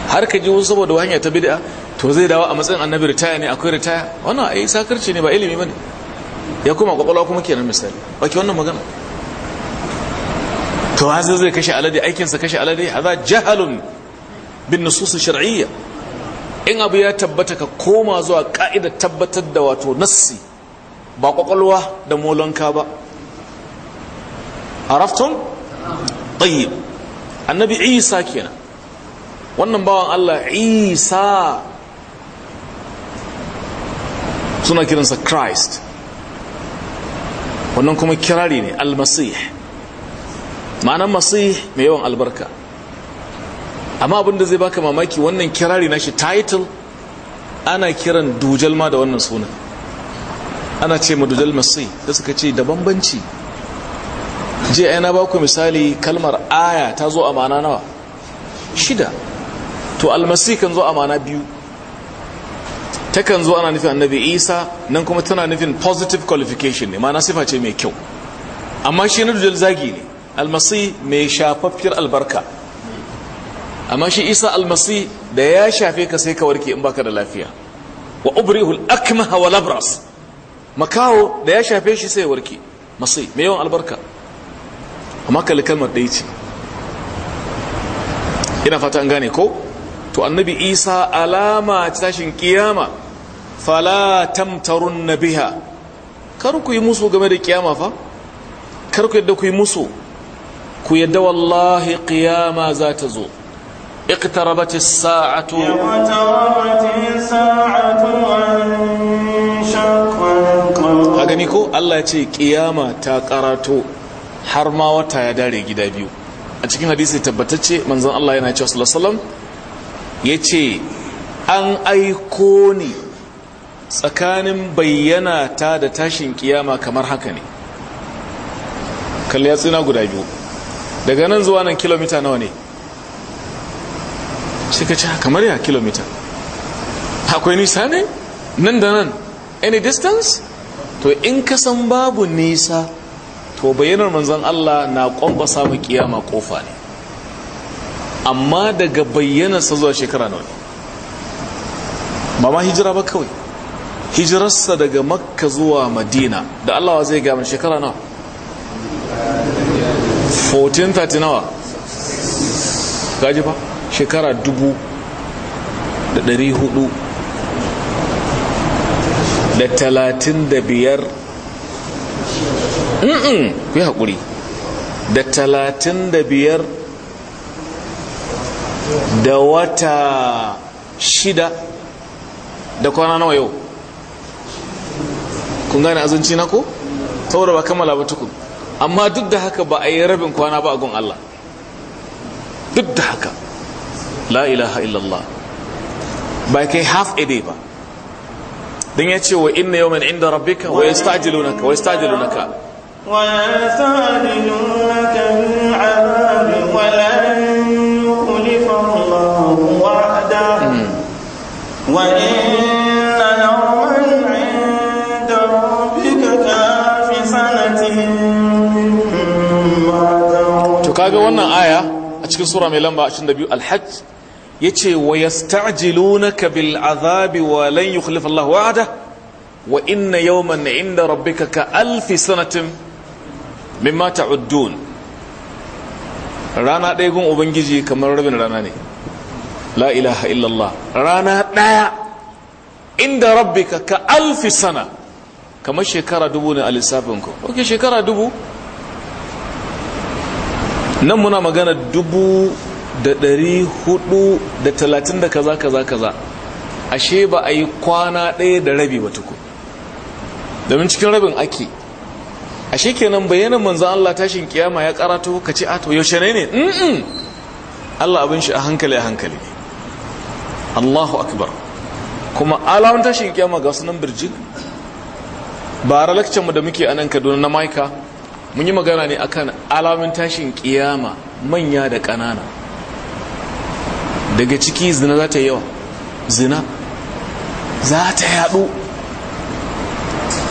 har ka ji wasu saboda hanya ta bid'a to zai dawo a matsayin annabi ritaya ne akwai ritaya wannan ai sakarci ne ba ilimi bane ya kuma kwakwalwa kuma kenan misali baki wannan magana to hazin zai kashe alade aikinsa kashe alade haza jahalun bin nusus shar'iyya in abu ya tabbata ka koma zuwa ka'ida tabbatar da wato nassi ba kwakwalwa da molonka ba araftum tayyib annabi isa kenan wannan bawan Allah isa suna kiransa christ wannan kuma kirari ne almasih ma'anar masih mai yawan albarka amma abinda zai baka mamaki wannan kirari na shi title ana kiran dujal ma da wannan sunan ana ce ma dujal masih da suka ce da bambanci je yana ba ku misali kalmar aya ta zo a ma'ana nawa shida to almasih kan zo a ma'ana biyu takan zo ana nufin annabi isa nan kuma tana nufin positive qualification ne ma'ana sifa ce mai kyau amma shi na dujal zagi ne almasi mai shafaffiyar albarka amma shi isa almasi da ya shafe ka sai ka warke in baka da lafiya wa ubrihul akmaha wal abras makawo da ya shafe shi sai warke masai mai yawan albarka amma kalli kalmar ɗaya ce ina fata an gane ko to annabi isa alama tashin kiyama fala tamtarun biha kar ku yi musu game da kiyama fa kar ku yadda ku yi musu ku yadda wallahi kiyama za ta zo اقتربت الساعة اقتربت الساعة وانشق القمر هاغني كو الله يتي قيامة تاقراتو har ma wata ya dare gida biyu a cikin hadisi tabbatacce manzon Allah yana cewa sallallahu alaihi wasallam yace an aiko ni tsakanin bayyana ta da tashin kiyama kamar haka ne kalli tsina guda biyu daga nan zuwa nan kilomita nawa ne shi ka ce kamar ya kilomita akwai nisa ne nan da nan any distance to in ka san babu nisa to bayyanar manzan Allah na kwamba samun kiyama kofa ne amma daga bayyanarsa zuwa shekara nawa ne ba ma hijira ba kawai hijirarsa daga makka zuwa madina da allawa zai gamin shekara nawa 1430 nawa gaji ba shekara dubu da dari hudu da talatin da biyar mm ku yi haƙuri da talatin da biyar da wata shida da kwana nawa yau kun gane azanci na ko saboda ba kammala ba tukun amma duk da haka ba a yi rabin kwana ba a gun Allah duk da haka la ilaha illallah ba kai half a day ba don ya ce wa inna yawman inda rabbika wa yastajilunaka wa yastajilunaka wa yastajilunaka min 'adabin wa lan kaga wannan aya a cikin sura mai lamba 22 al ya ce wa yasta'jilunaka bil azabi wa lan yukhlifa Allah wa'ada wa inna yawman 'inda rabbika ka alfi sanatin mimma ta'uddun rana ɗaya gun ubangiji kamar rabin rana ne la ilaha illallah rana ɗaya inda rabbika ka alfi sana kamar shekara dubu ne a lissafinku ok shekara dubu nan muna magana dubu da ɗari hudu da talatin da kaza kaza kaza ashe ba a yi kwana ɗaya da rabi ba tuku domin cikin rabin ake ashe kenan bayanin manzan Allah tashin kiyama ya karato ka ce ato yaushe ne ne mm Allah abin shi a hankali a hankali ne Allahu akbar kuma alamun tashin kiyama ga sunan birjin ra lakcin mu da muke a nan Kaduna na Maika mun yi magana ne akan alamun tashin kiyama manya da ƙanana daga ciki zina za ta yawa zina za ta yaɗu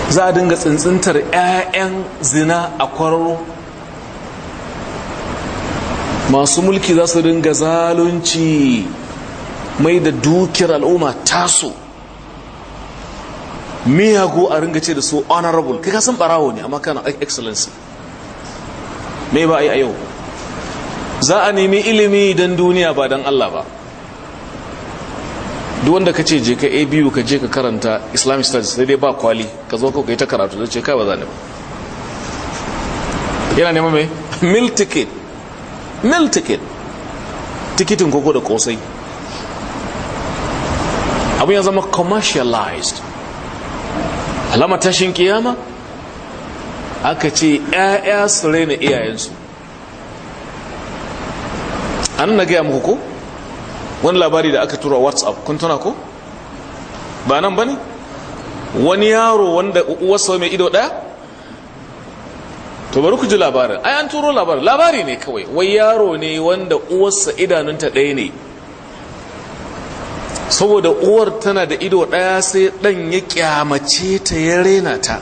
za a dinga tsintsintar 'ya'yan zina a kwararo masu mulki za su dinga zalunci mai da dukiyar al'umma taso miyagu a ringa ce da su honorable kai kasan barawo ne amma kana excellency me ba a yi a yau za a nemi ilimi don duniya ba don Allah ba duk wanda ka ce je ka abu ka je ka karanta islamic studies sai dai ba kwali ka zo kawai ta karatu da ce kai ba za ne ba yana neman mai <laughs> mil ticket mil ticket tikitin koko da kosai abin ya zama commercialized alama tashin kiyama aka ce ‘ya'ya su raina iyayensu an na gaya muku ko wani labari da aka tura whatsapp kun tuna ko ba nan ba ne wani yaro wanda uwarsa mai ido ɗaya to bari ku ji labarin ai an turo labarin labari ne kawai wai yaro ne wanda uwarsa idanunta ɗaya ne saboda uwar tana da ido ɗaya sai ɗan ya kyamace ta ya rena ta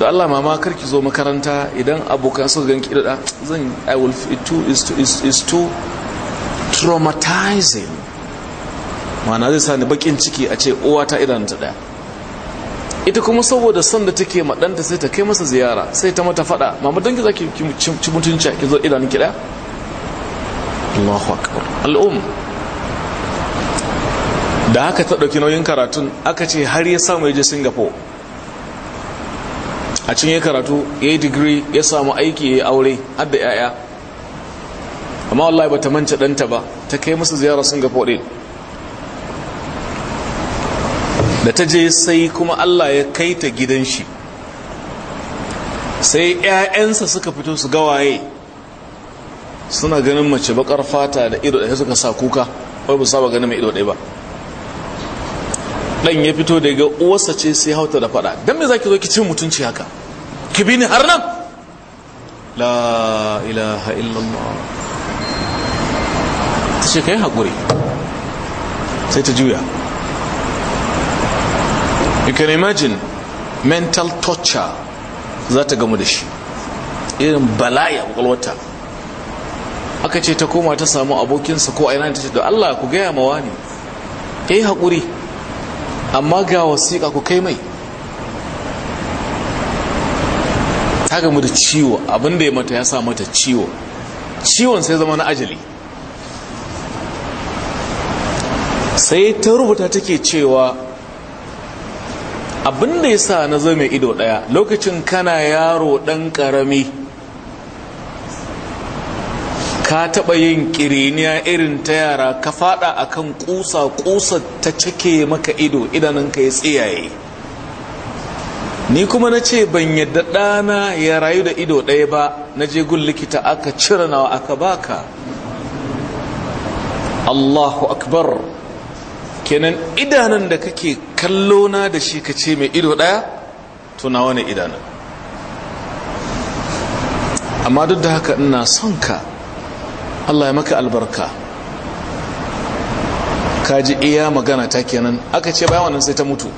da Allah mama kar ki zo makaranta idan abokan suka ganki da zan I will it too is to is, is too traumatizing mana zai sani bakin ciki a ce uwa ta idan ta daya ita kuma saboda son da take ma danta sai ta kai masa ziyara sai ta mata fada mama ki zaki ci mutunci ki zo idan ki daya Allahu akbar al'um da haka ta dauki nauyin karatun aka ce har ya samu ya je Singapore a cin ya karatu ya yi digiri ya samu aiki ya yi aure hadda 'ya'ya amma wallahi ba ta manta ɗanta ba ta kai musu ziyarar singapore ɗin da ta je sai kuma allah ya kai ta gidan shi sai 'ya'yansa suka fito su gawaye suna ganin mace bakar fata da ido ɗaya suka sa kuka wai ba saba ganin mai ido ɗaya ba ɗan ya fito daga uwarsa ce sai hauta da faɗa don me za ki zo ki cin mutunci haka ki bi ni har nan la ilaha illallah ta ce ka yi haƙuri sai ta juya you can imagine mental torture za ta gamu da shi irin bala'i a aka ce ta koma ta samu abokinsa ko aina ta ce da Allah ku gaya mawa ne ya yi haƙuri amma ga wasiƙa ku kai mai ta gamu da ciwo abinda ya mata ya sa mata ciwo ciwon sai zama na ajali sai ta rubuta take cewa abinda ya sa na zama ido daya lokacin kana yaro dan karami ka taɓa yin ƙiriniya irin ta yara ka faɗa akan kusa kusa ta cike maka ido ka ya tsiyaye ni kuma na ce ban yadda ɗana ya rayu da ido ɗaya ba na je gun likita aka cire nawa aka baka allahu akbar kenan idanun da kake kallo na da shi ka ce mai ido ɗaya tuna wani idanun amma duk da haka ina son ka allah ya maka albarka ka ji iya magana ta kenan aka ce bayan wannan sai ta mutu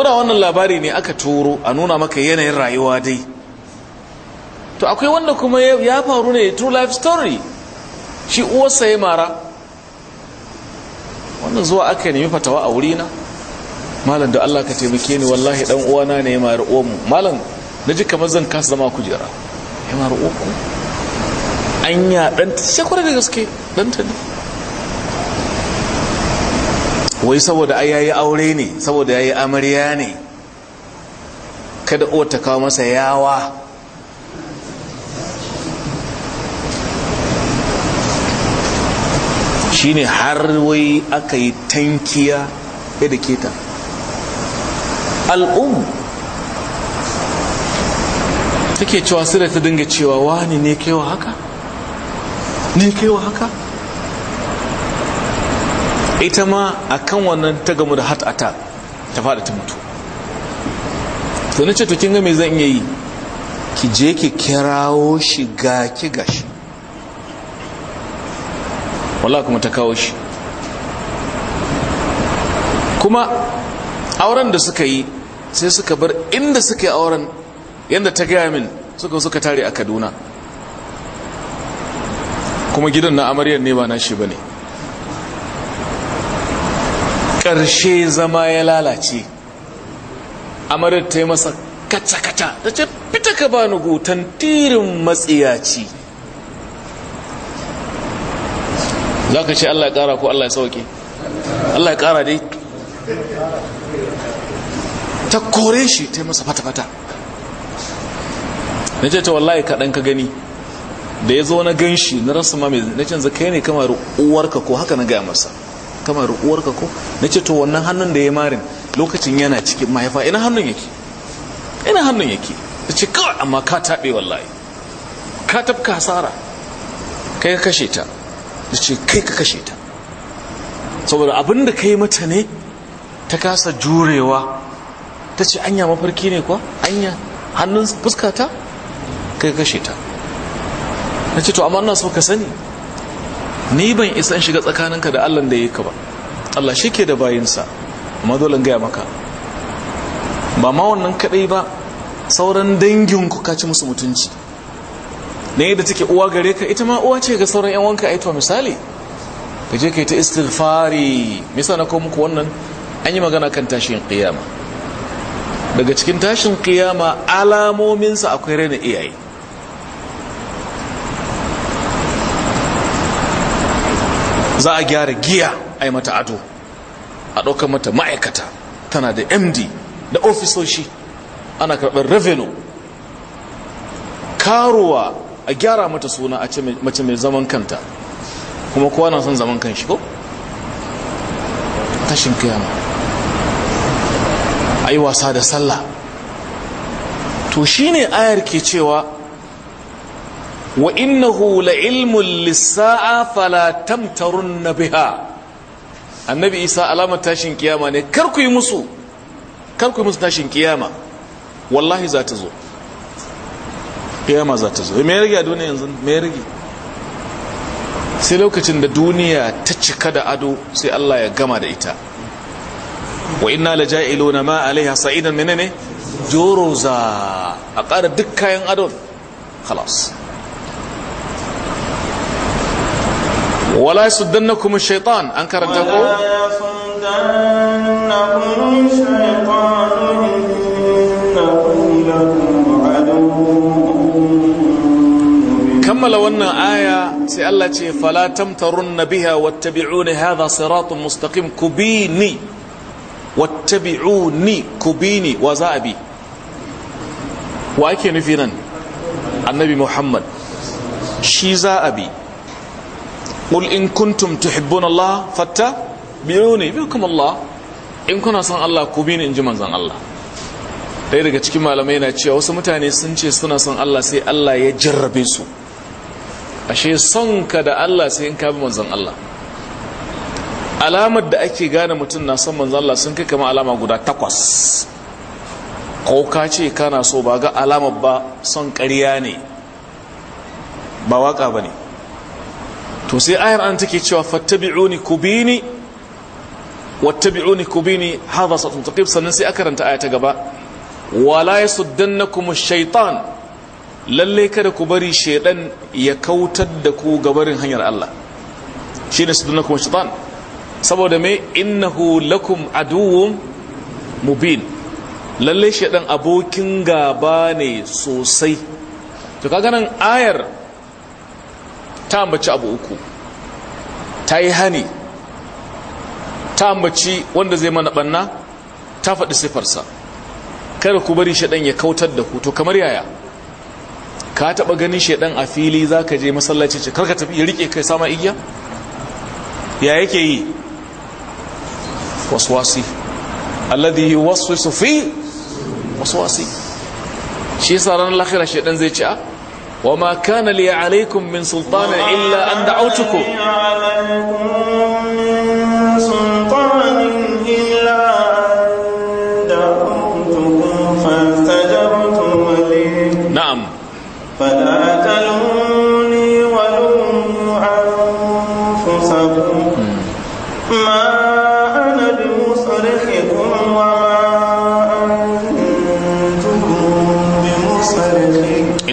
koda wannan labari ne aka turo a nuna maka yanayin rayuwa dai to akwai wanda kuma ya faru ne true life story shi uwarsa ya mara wannan zuwa aka nemi fatawa a wurina malam da Allah ka taimake ni wallahi dan uwana ne ya mara uwanmu malam naji kamar zan kasa zama kujera ya mara uwanku anya dan sai kwarai da gaske dan ta ne wai saboda ai yayi aure ne saboda yayi amarya ne kada uwar ta kawo masa yawa shine har wai aka yi tankiya ya da keta al'um take cewa sira ta dinga cewa wani ne kaiwa haka ne kaiwa haka ita ma a kan wannan ta gamu da heart attack ta fada ta mutu to na ce to kin ga me zan iya yi ki je ki kirawo shi ga ki gashi wallahi kuma ta kawo shi kuma auren da suka yi sai suka bar inda suka yi auren yadda ta gaya min suka suka tare a kaduna kuma gidan na amaryar ne ba na shi ba ne ƙarshe zama ya lalace amarar ta yi masa kacakata ta ce fita ka bani gutan tirin matsiyaci za ka ce allah ya ƙara ko allah ya sauke allah ya ƙara dai ta kore shi ta yi masa fata-fata na ce ta wallahi kaɗan ka gani da ya zo na gan shi na rasu mamaye na canza kai ne kamar uwarka ko haka na gaya masa kama rukuwarka ko na ce to wannan hannun da ya marin lokacin yana cikin mahaifa ina hannun yake ina hannun yake da ce kawai amma ka taɓe wallahi ka tafka hasara kai ka kashe ta da ce kai ka kashe ta saboda abin da ka yi mata ne ta kasa jurewa ta ce anya mafarki ne kuwa anya hannun fuskata kai ka kashe ta na ce to amma ina so ka sani ni ban isa in shiga tsakaninka da Allah da ya ka ba Allah shi ke da bayinsa amma dole gaya maka ba ma wannan kaɗai ba sauran danginku ka ci musu mutunci ne da take uwa gare ka ita ma uwa ce ga sauran ƴan wanka aito misali ka je ka ta istighfari misa na muku wannan an yi magana kan tashin kiyama daga cikin tashin kiyama alamominsa akwai raina iyaye za a gyara giya a yi mata ado a ɗaukar mata ma'aikata tana da md da ofisoshi ana karɓar revenue karuwa a gyara mata suna a mace mai zaman kanta kuma kowa na son zaman kan shi ko? tashin kiyama a yi wasa da sallah to shi ne ayar ke cewa wa innahu la ilmun lissa'a fala tamtarunna biha annabi isa alamar tashin kiyama ne kar ku yi musu kar ku yi musu tashin kiyama wallahi za ta zo kiyama za ta zo eh, me ya rage a duniya yanzu me ya rage sai lokacin da duniya ta cika da ado sai Allah ya gama da ita wa inna la ja'iluna ma alaiha sa'idan menene joroza a ƙara duk kayan adon khalas wala yasuddannakum ash-shaytan an karanta ko kammala wannan aya sai Allah ce fala tamtarunna biha wattabi'uni hadha siratun mustaqim kubini wattabi'uni kubini wa za'abi wa ake nufi nan annabi Muhammad shi za'abi قل إن كنتم تحبون الله فاتبعوني بكم الله in kuna son Allah ku bi ni in ji Allah ɗaya daga cikin malamai na cewa wasu mutane sun ce suna son Allah sai Allah ya jarrabe su ashe son ka da Allah sai in ka bi manzon Allah alamar da ake gane mutum na son manzon Allah sun kai kama alama guda takwas ko ka ce kana so ba ga alamar ba son ƙarya ne ba waka ba ne to sai ayar an take cewa fattabi'uni kubini wattabi'uni kubini hadha satun taqib sannan sai aka ranta ayata ta gaba wala yasuddannakum ash-shaytan lalle kada ku bari shaydan ya kautar da ku gabarin hanyar Allah shine suddannakum ash-shaytan saboda me innahu lakum aduwwum mubin lalle shaydan abokin gaba ne sosai to kaga nan ayar ta ambaci abu uku ta yi hani ta ambaci wanda zai mana banna ta faɗi sifarsa kada ku bari shaɗan ya kautar da ku to kamar yaya ka taɓa ganin shaɗan a fili za ka je masallaci ce karka tafi ya riƙe kai sama igiya ya yake yi waswasi alladhi yuwaswisu fi waswasi shi yasa ranar lahira shaɗan zai ci a ah, وما كان لي عليكم من سلطان إلا أن دعوتكم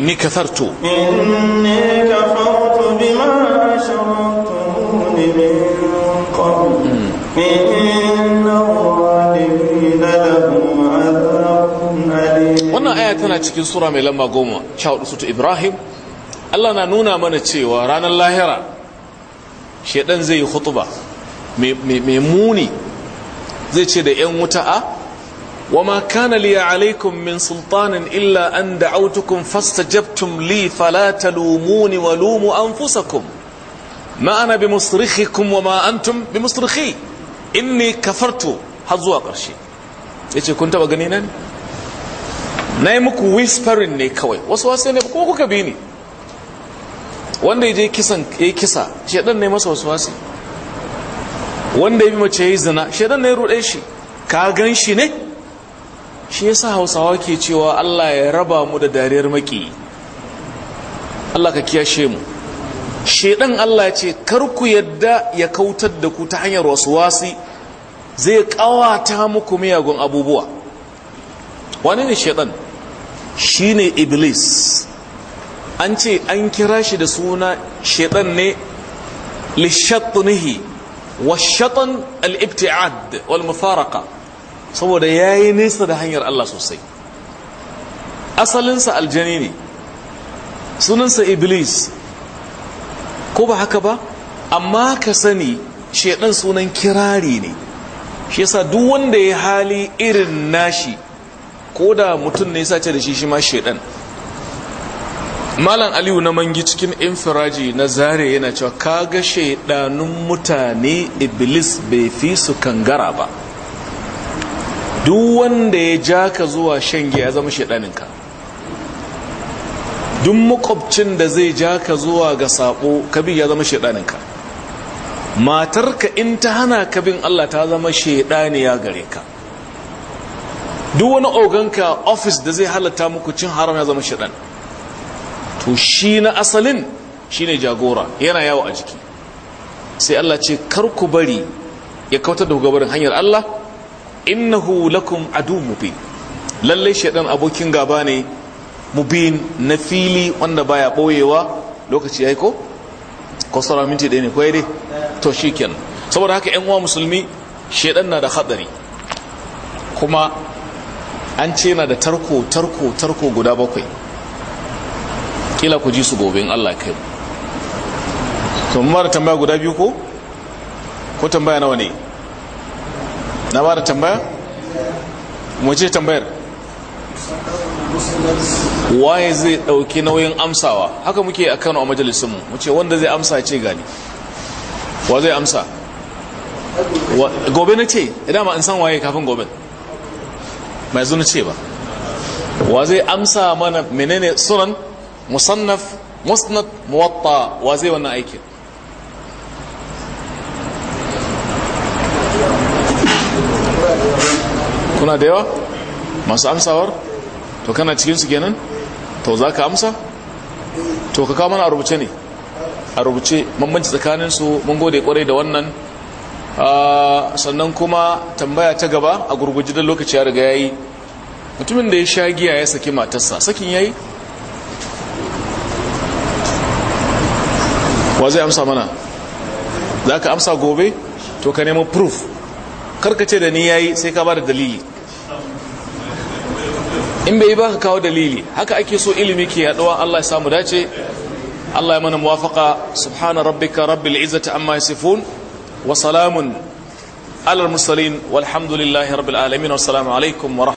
إني كفرت إني كفرت بما wannan aya tana cikin sura mai lamba goma sha hudu sutu ibrahim allah na nuna mana cewa ranar lahira shaidan zai yi hutuba mai muni zai ce da 'yan wuta a وما كان min عليكم illa an إلا أن دعوتكم فاستجبتم لي فلا تلوموني ولوموا أنفسكم ما أنا بمصرخكم وما أنتم بمصرخي إني كفرت هزوا قرشي yace kun taba gani na ne na yi muku whispering ne kawai wasu wasu ne kuma kuka bi ni wanda ya kisan ya kisa shedan ne masa wasu wasu wanda ya bi mace ya yi zina shedan ne ya ruɗe shi ka gan shi ne shi ya sa hausawa ke cewa Allah ya raba mu da dariyar maki Allah ka kiyashe mu shedan Allah ya ce kar ku yadda ya kautar da ku ta hanyar wasu wasi zai kawata muku miyagun abubuwa wani ne Shi ne iblis an ce an kira shi da suna shedan ne lishattunihi wa al-ibti'ad wal mufaraka saboda ya yi nesa da hanyar Allah sosai asalinsa aljani ne sunansa iblis ko ba haka ba amma ka sani shaidan sunan kirari ne shi yasa duk wanda ya hali irin nashi ko da mutum ne ya sace da shi shi ma shaidan malam aliyu na mangi cikin infiraji na zare yana cewa kaga shaidanun mutane iblis bai fi su kangara ba duk wanda ya ja ka zuwa shan giya ya zama shaɗaninka duk makwabcin da zai ja ka zuwa ga saɓo kabin ya zama shaɗaninka matarka in ta hana kabin allah ta zama shaɗaniya gare ka duk wani oganka ofis da zai halatta muku cin haram ya zama shaɗan to shi na asalin shi ne jagora yana yawo a jiki sai allah ce kar ku bari ya kautar da gabarin hanyar allah innahu lakum adu mubin lallai shaidan abokin gaba ne mubin na fili wanda baya boyewa lokaci yayi ko ko sara minti ɗaya ne ko dai to shikenan saboda haka yan uwa musulmi shaidan na da hadari kuma an ce na da tarko tarko tarko guda bakwai kila ku ji su gobe in Allah kai to mu mara tambaya guda biyu ko ko tambaya nawa ne na ba da tambaya? ce tambayar? waye zai dauki nauyin amsawa haka muke a kano a majalisunmu ce wanda zai amsa ce gani wa zai amsa gobe na ce idan ma in san waye kafin gobe mai zuna ce ba wa zai amsa mana menene sunan musannaf musnad muwatta wa zai wannan aikin kuna da yawa masu amsawar to kana cikinsu kenan to za ka amsa to ka kawo mana a rubuce ne a rubuce bambanci tsakaninsu mun gode kwarai da wannan ah, sannan kuma tambaya ta gaba a gurguji don lokaci ya riga ya yi mutumin da ya sha giya ya saki matarsa sakin ya yi wa zai amsa mana za ka amsa gobe to ka nemo proof karkace da ni ya yi sai ka ba da dalili in bai ba ka kawo dalili haka ake so ilimi ke yaduwa Allah ya samu dace Allah ya mana muwafaqa subhana rabbika rabbil izzati amma yasifun wa salamun alal mursalin walhamdulillahi rabbil alamin wassalamu alaikum wa